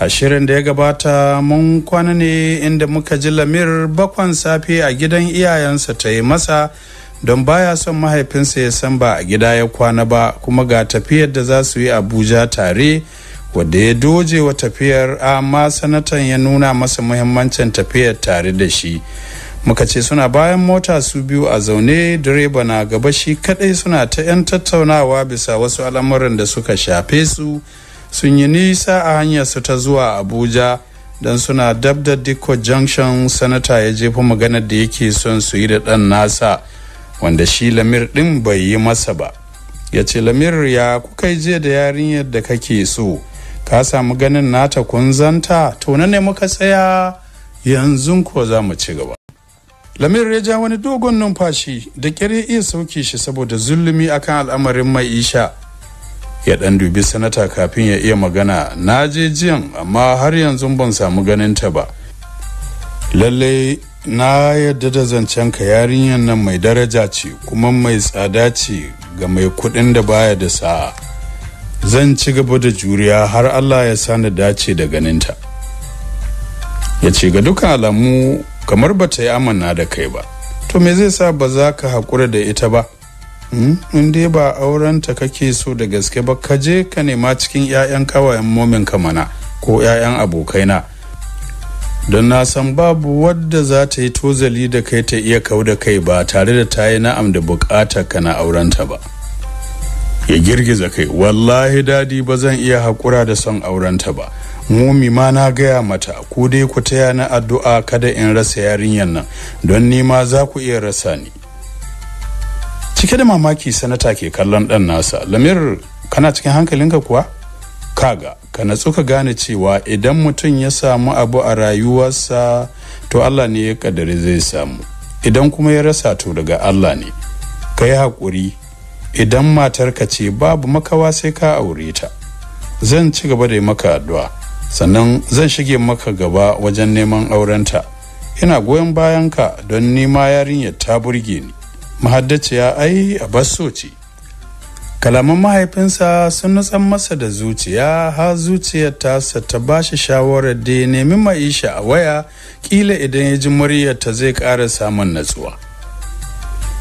ashirin da ya gabata mun kwana ne inda muka ji lamir bakwan safe a gidan iyayensa ta yi masa don baya son mahaifinsa ya san ba a gida ya kwana ba kuma ga tafiyar da za su yi abuja tare wadda ya doje wa tafiyar amma sanatan ya nuna masa muhimmancin tafiyar tare da shi muka ce suna bayan mota su biyu a zaune direba na gaba shi kadai suna ta 'yan tattaunawa bisa wasu al'amuran da suka shafe su sun yi nisa a hanyarsu ta zuwa abuja don suna dab da diko junction sanata ya jefa maganar da yake son su yi da ɗan nasa wanda shi lamir ɗin bai yi masa ba ya ce lamir ya kuka je da yarinyar da kake so ka samu ganin nata kunzanta to na ne muka tsaya yanzu ko za mu ci gaba lamir ya ja wani dogon numfashi da kere iya sauke shi saboda zulumi akan al'amarin maisha ya dan dubi sanata kafin ya iya magana na je jiyan amma har yanzu ban samu ganin ta ba lallai na yadda da zancen ka yarinyar nan mai daraja ce kuma mai tsada ce ga mai kudin da baya da sa'a zan ci gaba da juriya har allah ya sani dace da ganin ta. ya ce ga dukkan alamu kamar ba ta yi amana da kai ba to me zai sa ba za ka haƙura da ita ba Hmm? in dai ba aurenta kake so da gaske ba ka je ka nema cikin 'ya'yan kawayen momin ka mana ko 'ya'yan abokaina don na san babu wadda za ta yi tozali da kai ta iya kau da kai ba tare da ta yi na'am da bukatar ka na aurenta ba ya girgiza kai wallahi dadi ba zan iya haƙura da son aurenta ba momi ma na gaya mata ku dai ku taya na addu'a kada in rasa yarinyar nan don ni ma za ku iya rasa ni cike da mamaki sanata ke kallon dan nasa lamir kana cikin hankalinka kuwa kaga ka natsu ka gane cewa idan mutum ya samu abu a rayuwarsa to allah ne ya kadari zai samu idan kuma ya rasa to daga allah ne ka yi haƙuri idan matar ka ce babu makawa sai ka aure ta zan ci gaba da yi maka addu'a sannan zan shige maka gaba wajen neman aurenta ina goyon bayan ka don nima yarinyar ta burge ni mahaddaciya ai a ce. kalaman mahaifinsa sun nutsan masa da zuciya har zuciyar tasa ta ba shi shawarar da ya nemi maisha a waya kila idan ya ji muryar ta zai ƙara samun natsuwa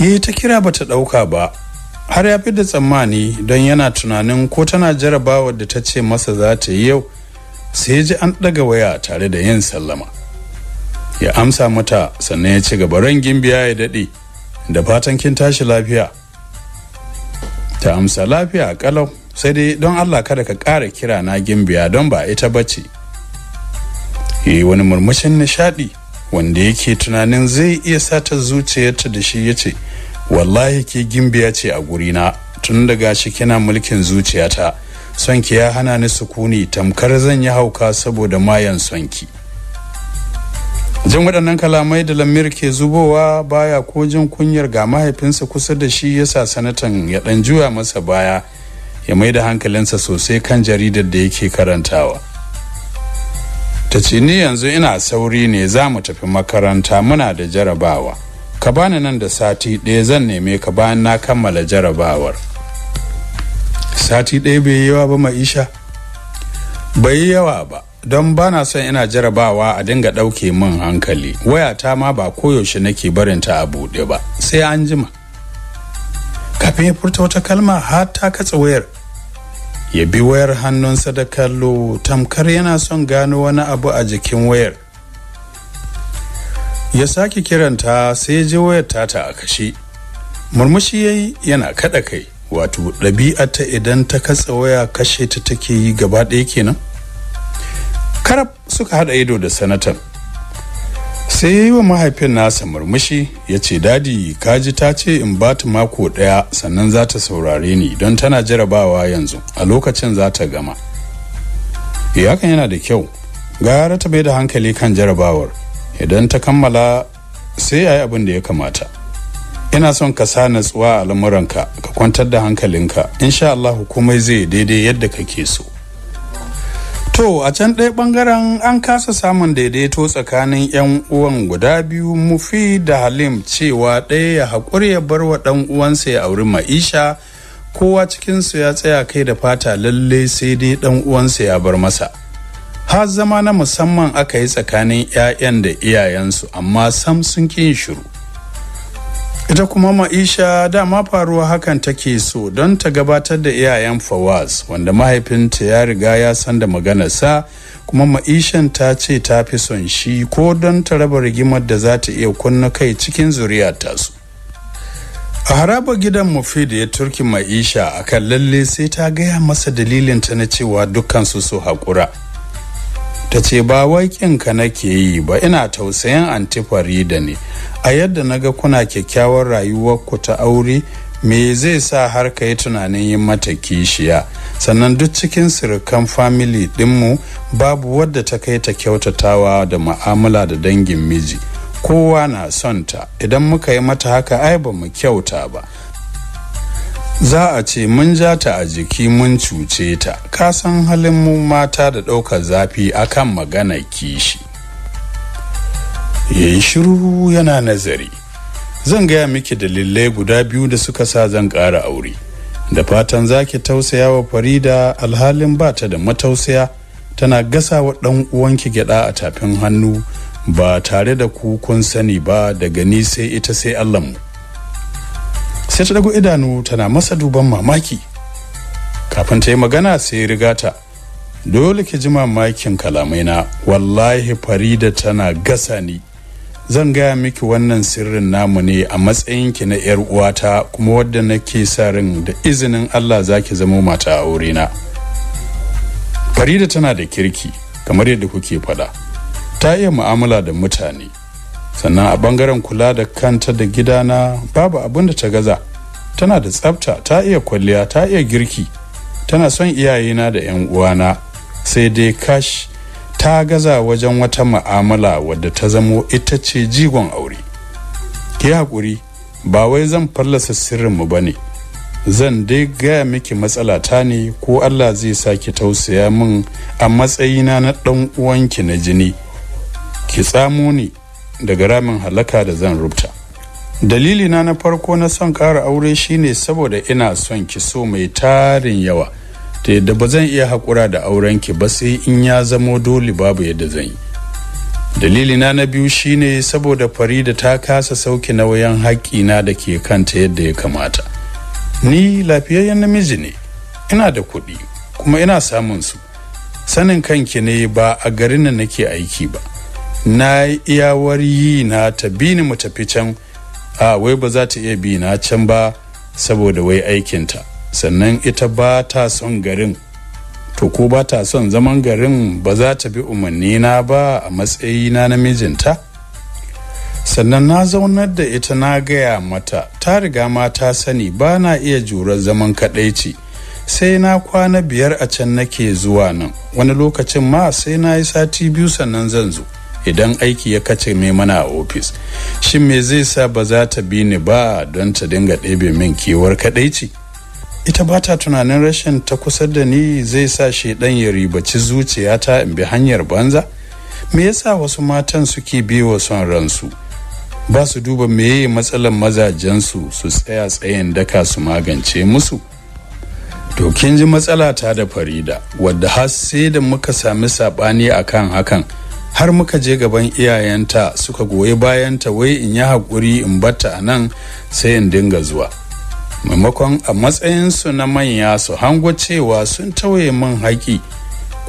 yi ta kira ba ta ɗauka ba har ya fi da tsammani don yana tunanin ko tana jarabawar da ta ce masa za ta yi yau sai ya ji an ɗaga waya tare da yin sallama ya amsa mata sannan ya ci gaba ran gimbiya ya daɗe da fatan kin tashi lafiya ta amsa lafiya kalau sai dai don allah kada ka ƙara kira na gimbiya don ba ita bace yi wani murmushin nishadi wanda yake tunanin zai iya sata zuciyarta da shi yace wallahi ke gimbiya ce a gurina tun daga gashi kina mulkin zuciyata sonki ya hana ni sukuni tamkar zan yi hauka saboda mayan sonki jin waɗannan kalamai da lamir ke zubowa baya ko jin kunyar ga mahaifinsa kusa da shi ya sa sanatan ya ɗan juya masa baya ya mai da hankalinsa sosai kan jaridar da yake karantawa ta ce ni yanzu ina sauri ne za mu tafi makaranta muna da jarabawa ka bani nan da sati ɗaya zan neme ka bayan na kammala jarabawar sati ɗaya bai yi yawa ba ma'isha bai yawa ba don ba na son ina jarabawa a dinga ɗauke min hankali wayata ma ba koyaushe nake barin ta a buɗe ba sai an jima kafin ya furta wata kalma har ta katse wayar ya bi wayar hannunsa da kallo tamkar yana son gano wani abu a jikin wayar ya sake kiranta sai ya ji wayar tata a kashe murmushi ya yi yana kaɗa kai wato ɗabi'ata idan ta katse waya kashe ta take yi gaba ɗaya kenan karab suka hada ido da sanatan sai ya yi wa mahaifin nasa murmushi ya ce dadi kaji ta ce in ba ta mako daya sannan za ta saurare ni don tana jarabawa yanzu a lokacin za ta gama yakan eh, yana da kyau gara ta bai da hankali kan jarabawar idan ta kammala sai a yi abin da ya kamata ina son ka sa natsuwa a lamuranka ka kwantar da hankalinka insha Allah komai zai daidai yadda kake so To a can ɗaya ɓangaren an kasa samun daidaito tsakanin 'yan uwan guda biyu mufi da Halim cewa ɗaya ya haƙuri ya bar wa ɗan uwansa ya auri ma'isha kowa cikinsu ya tsaya kai da fata lalle sai dai ɗan uwansa ya bar masa. Har zama na musamman aka yi tsakanin 'ya'yan da iyayensu amma sam sun ƙin shiru. ita kuma ma'isha dama faruwa hakan take so don ta gabatar da iyayen fawaz wanda mahaifinta ya riga ya san da maganarsa kuma ma'ishan ta ce ta fi son shi ko don ta raba rigimar da za ta iya kunna kai cikin zuriya su a haraba gidan mufid ya turki ma'isha a kan lalle sai ta gaya masa dalilin ta na cewa dukkansu su haƙura ta ce ba wai ka nake yi ba ina tausayin antifarida ne a yadda na ga kuna kyakkyawar rayuwar ku ta aure me zai sa har ka yi tunanin yin mata kishiya sannan duk cikin sirikan famili dinmu babu wadda ta kai ta kyautatawa da ma'amala da dangin miji kowa na son ta idan muka yi mata haka ai ba mu kyauta ba za a ce mun ja ta a jiki mun cuce ta kasan halin mu mata da ɗaukar zafi akan magana kishi yayi shiru yana nazari zan gaya miki dalilai guda biyu da suka sa zan ƙara aure da fatan za ki tausaya wa farida alhalin ba ta da matausaya tana gasa wa ɗan uwanki gyaɗa a tafin hannu ba tare da ku kun sani ba daga ni sai ita sai Allah mu. sai ta dago idanu tana masa duban mamaki kafin ta yi magana sai riga ta dole ki ji mamakin kalamai na wallahi farida tana gasa ni zan gaya miki wannan sirrin namu ne a matsayin ki na yar uwata kuma wadda nake sa ran da izinin Allah zaki zama mata aure na farida tana da kirki kamar yadda kuke faɗa ta iya mu'amala da mutane sannan a bangaren kula da kanta da gidana babu abin da ta gaza tana da tsabta ta iya kwalliya ta iya girki tana son iyayena da 'yan uwana sai dai kash ta gaza wajen wata ma'amala wadda ta zamo ita ce jigon aure ki haƙuri ba wai zan fallasa sirrinmu ba ne zan dai gaya miki matsala ta ne ko allah zai sake tausaya min a matsayina na ɗan uwanki na jini ki tsamo ne. daga ramin halaka da zan rubuta Dalilina na farko na son ƙara aure shine saboda ina son ki so mai tarin yawa ta yadda ba zan iya haƙura da auren ki ba sai in ya zamo dole babu yadda zan yi dalili na biyu shine saboda farida ta kasa sauki nauyin haƙƙina da ke kanta yadda ya kamata ni lafiyayyen namiji ne ina da kuɗi kuma ina samun su sanin kanki ne ba a garin da nake aiki ba na iyawar yi na ta bi ni mu tafi can a wai ba za ta iya bi na can ba saboda wai aikinta sannan ita ba ta son garin to ko ba ta son zaman garin ba za ta bi umarni na ba a matsayi na namijinta sannan na zaunar da ita na gaya mata ta riga ma ta sani ba na iya jurar zaman kadaici sai na kwana biyar a can nake zuwa nan wani lokacin ma sai na yi sati biyu sannan zan zo idan aiki ya kace mai mana a ofis shin me zai sa ba za ta bi ni ba don ta dinga ɗebe min kewar ce? ita ba ta tunanin rashin ta kusa da ni zai sa shaidan ya ribaci zuciyata in bi hanyar banza me yasa wasu matan suke biyo son ransu ba su duba meye matsalar mazajensu su tsaya tsayin daka su magance musu to kin ji matsala ta da farida wadda har sai da muka sami sabani akan hakan har muka je gaban iyayenta suka goyi bayanta wai in yi haƙuri in batta a nan sai in dinga zuwa maimakon a matsayinsu na manya su hango cewa sun tauye min haƙi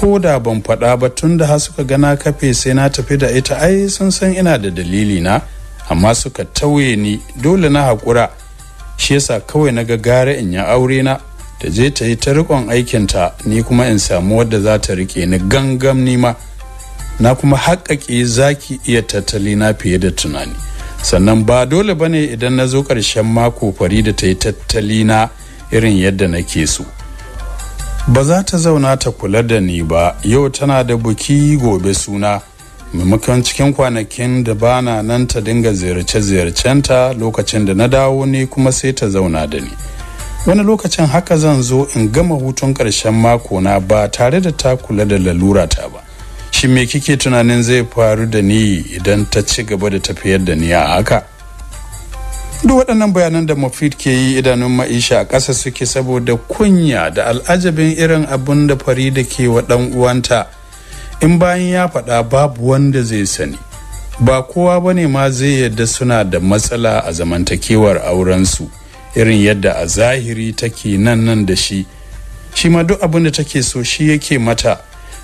ko da ban faɗa ba tun da har suka gana kafe sai na tafi da ita ai sun san ina da dalili na amma suka tauye ni dole na haƙura shi yasa kawai na gagara in yi aure na ta je ta yi ta riƙon aikinta ni kuma in samu wadda za ta riƙe ni gangam nima na kuma haƙaƙe zaki iya tattali na fiye da tunani sannan ba dole ba ne idan na zo ƙarshen mako fari da ta yi tattali na irin yadda nake so ba za ta zauna ta kula da ni ba yau tana da buki gobe suna maimakon cikin kwanakin da bana nan ta dinga ziyarce-ziyarcenta lokacin da na dawo ne kuma sai ta zauna da ni wani lokacin haka zan zo in gama hutun ƙarshen mako na ba tare da ta kula da lalurata ba shi me kike tunanin zai faru da ni idan ta ci gaba da tafiyar da ni a haka duk waɗannan bayanan da mafid ke yi idanun ma'isha a ƙasa suke saboda kunya da al'ajabin irin abin da farida ke wa ɗan uwanta in bayan ya faɗa babu wanda zai sani ba kowa ba ne ma zai yadda suna da matsala a zamantakewar aurensu irin yadda a zahiri take nan nan da shi shi ma duk abin da take so shi yake mata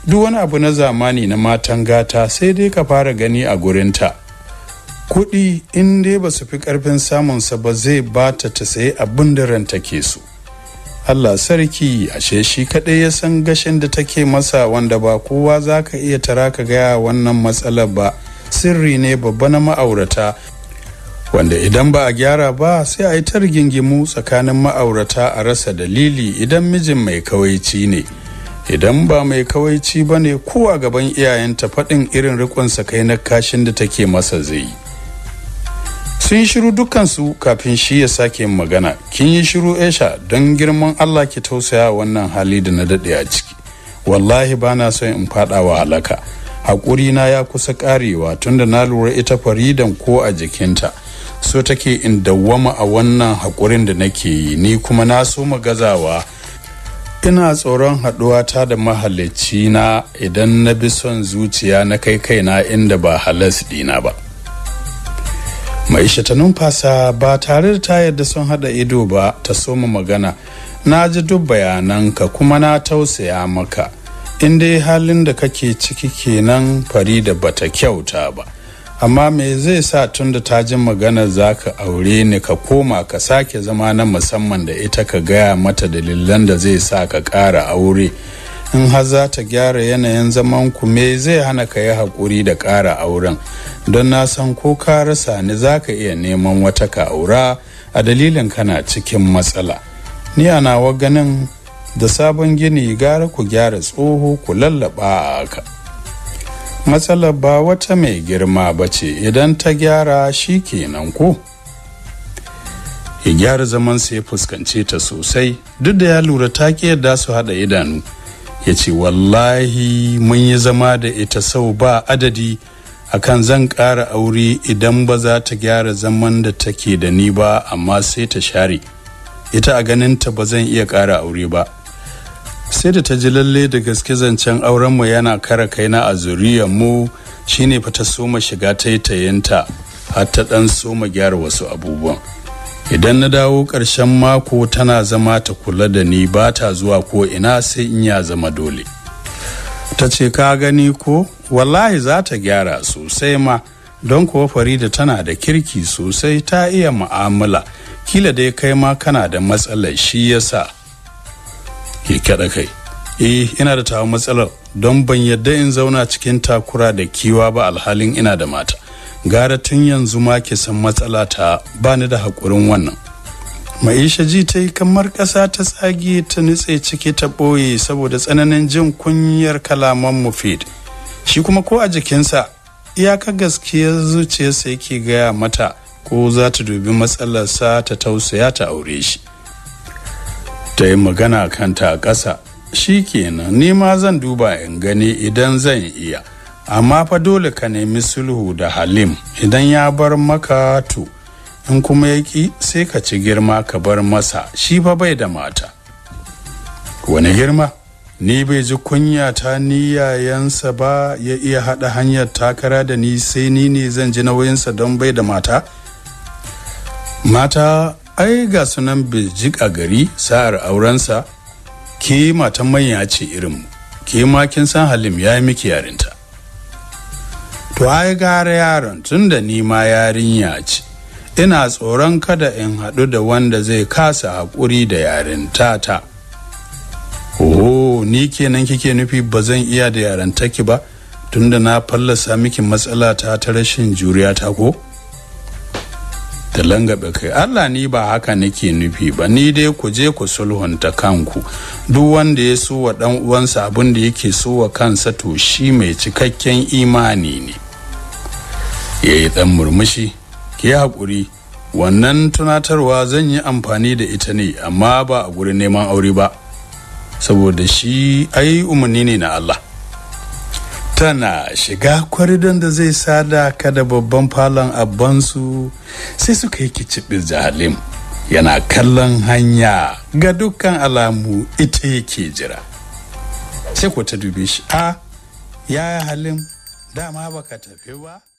duk wani abu na zamani na matan gata sai dai ka fara gani a gurinta kuɗi in dai ba su fi ƙarfin samunsa ba zai bata ta ta sayi abin da ranta ke su allah sarki ashe shi kaɗai ya san gashin da take masa wanda ba kowa za ka iya tara ka gaya wannan matsalar ba sirri ne babba na ma'aurata wanda idan ba a gyara ba sai a yi ta rigingimu tsakanin ma'aurata a rasa dalili idan mijin mai kawaici ne. idan ba mai kawaici ba ne kowa gaban iyayenta faɗin irin rikon kai na kashin da take masa zai sun shiru dukansu kafin shi ya sake magana kin yi shiru esha don girman allah ki tausaya wannan hali da na daɗe a ciki wallahi ba na son in faɗa wa halaka haƙuri na ya kusa ƙarewa tunda na lura ita faridan ko a jikinta so take in dawwama a wannan haƙurin da nake yi ni kuma na so mu gazawa ina tsoron haɗuwa ta da mahalicci na idan na bi son zuciya na kai kaina inda ba halas dina ba mai ta numfasa ba tare da ta yadda son haɗa ido ba ta soma magana na ji duk bayananka kuma na tausaya maka inda dai halin da kake ciki kenan fari da bata kyauta ba amma me zai sa tun da ta ji maganar za ka aure ni ka koma ka sake zama na musamman da ita ka gaya mata dalilan da zai sa ka ƙara aure in har za ta gyara yanayin zaman ku me zai hana ka yi haƙuri da ƙara auren don na san ko ka rasa ni za ka iya neman wata ka aura a dalilin kana cikin matsala ni a nawa ganin da sabon gini gara ku gyara tsoho ku lallaba a haka matsalar ba wata mai girma ba ce idan ta gyara shi kenan ko ya gyara zaman sa ya fuskance ta sosai duk da ya lura ta ke yadda su haɗa idanu ya ce wallahi mun yi zama da ita sau ba adadi akan zan ƙara aure idan ba za ta gyara zaman da take da ni ba amma sai ta share ita a ganinta ba zan iya ƙara aure ba sai da ta ji lalle da gaske zancen aurenmu yana kara kaina a mu shine fa ta soma shiga tayanta har ta dan soma gyara wasu abubuwan idan na dawo ƙarshen mako tana zama ta kula da ni ba ta zuwa ko ina sai in ya zama dole ta ce ka gani ko wallahi za ta gyara sosai ma don kuwa farida tana da kirki sosai ta iya mu'amala kila dai kai ma kana da matsalar shi yasa ke kada kai eh ina da tawa matsalar don ban yadda in zauna cikin takura da kiwa ba alhalin ina da mata gara tun yanzu ma ke san matsala ta bani da haƙurin wannan maisha ji ta yi kamar ƙasa ta tsage ta nutse ciki ta ɓoye saboda tsananin jin kunyar kalaman mufid shi kuma ko a jikinsa iyaka gaskiyar zuciyarsa yake gaya mata ko za ta dubi matsalarsa ta tausaya ta aure shi ta yi magana kan ta ƙasa shi kenan ni ma zan duba in gani idan zan iya amma fa dole ka nemi sulhu da halim idan ya bar maka to in kuma ya ƙi sai ka ci girma ka bar masa shi fa bai da mata wani girma ni bai ji kunya ta ni yayansa ba ya iya haɗa hanyar takara da ni sai ni ne zan ji nauyinsa don bai da mata mata ai ga sunan bai a gari sa'ar aurensa ke matan manya ce irin ke ma kin san halim ya yi miki yarinta to ai gara yaron tun da ni ma yarinya ce ina tsoron kada in haɗu da wanda zai kasa haƙuri da yarinta ta oh ni kenan kike nufi ba zan iya da yarantaki ba tunda na fallasa miki matsala ta ta rashin juriya ta ko? ta langaɓe kai Allah ni ba haka nake nufi ba ni dai ku je ku sulhunta kanku duk wanda ya so wa dan uwansa abin da yake so wa kansa to shi mai cikakken imani ne yayi dan murmushi ki haƙuri wannan tunatarwa zan yi amfani da ita ne amma ba a gurin neman aure ba saboda shi ai umarni ne na Allah tana shiga kwaridon da zai sada ka da babban falon abansu sai suka yi kicibi zalim yana kallon hanya ga dukkan alamu ita yake jira sai ku ta dubi shi a ah, ya halim dama baka tafi ba